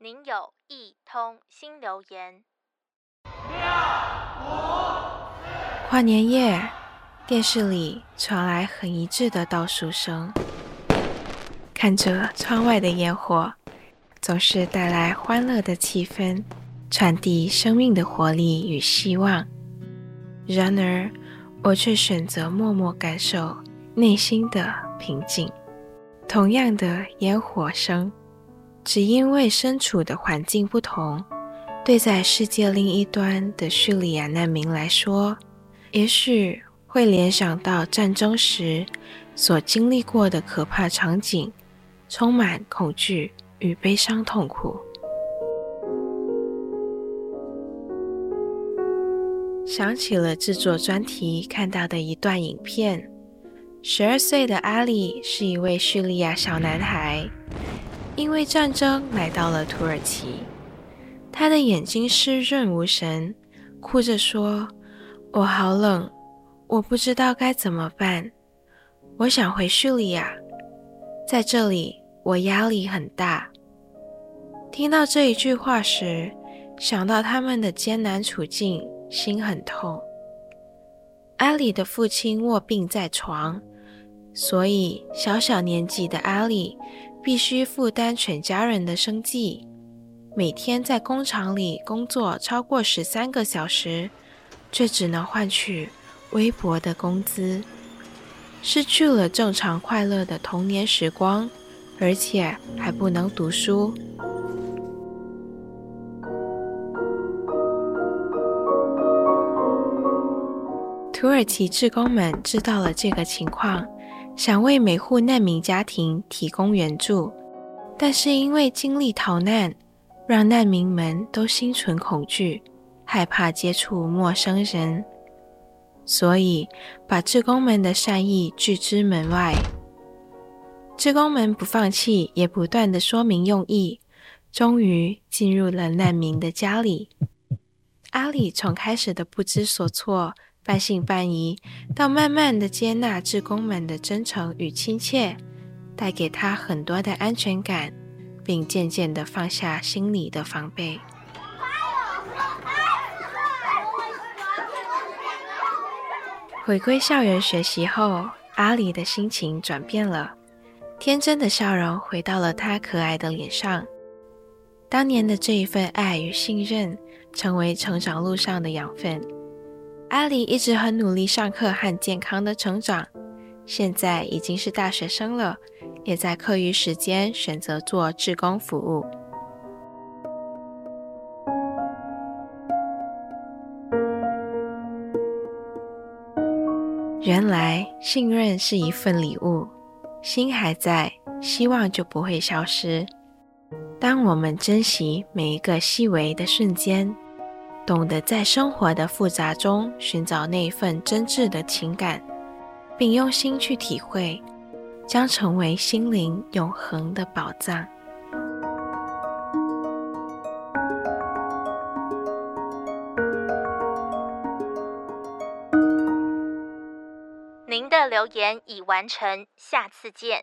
您有一通心留言。五，跨年夜，電視裡傳來很一致的倒數聲。看着窗外的煙火，總是帶來歡樂的氣氛，傳遞生命的活力與希望。然而，我卻選擇默默感受內心的平靜。同樣的煙火聲。只因為身處的環境不同，對在世界另一端的敘利亞難民來說，也許會聯想到戰爭時所經歷過的可怕場景，充滿恐懼與悲傷痛苦。想起了製作專題看到的一段影片，十二歲的阿里是一位敘利亞小男孩。因為戰爭來到了土耳其，他的眼睛濕潤無神，哭着說：“我好冷，我不知道該怎麼辦。我想回敘利亞，在這裡我壓力很大。”聽到這一句話時，想到他們的艱難處境，心很痛。阿里的父親臥病在床，所以小小年紀的阿里，必須負擔全家人的生計，每天在工廠裡工作超過十三個小時，卻只能換取微薄的工資，失去了正常快樂的童年時光，而且還不能讀書。土耳其志工們知道了這個情況。想為每戶難民家庭提供援助，但是因為經歷逃難，讓難民們都心存恐懼，害怕接觸陌生人，所以把志工們的善意拒之門外。志工們不放棄，也不斷地說明用意，終於進入了難民的家裡。阿里從開始的不知所措，半信半疑，到慢慢的接納志工們的真誠與親切，帶給他很多的安全感，並漸漸的放下心裡的防備。哎哎哎。回歸校園學習後，阿離的心情轉變了，天真的笑容回到了他可愛的臉上。當年的這一份愛與信任，成為成長路上的養分。阿里一直很努力上課和健康的成長，現在已經是大學生了，也在課餘時間選擇做志工服務。原來信任是一份禮物，心還在，希望就不會消失。當我們珍惜每一個細微的瞬間。懂得在生活的複雜中尋找那份真摯的情感，並用心去體會，將成為心靈永恆的寶藏。您的留言已完成，下次見。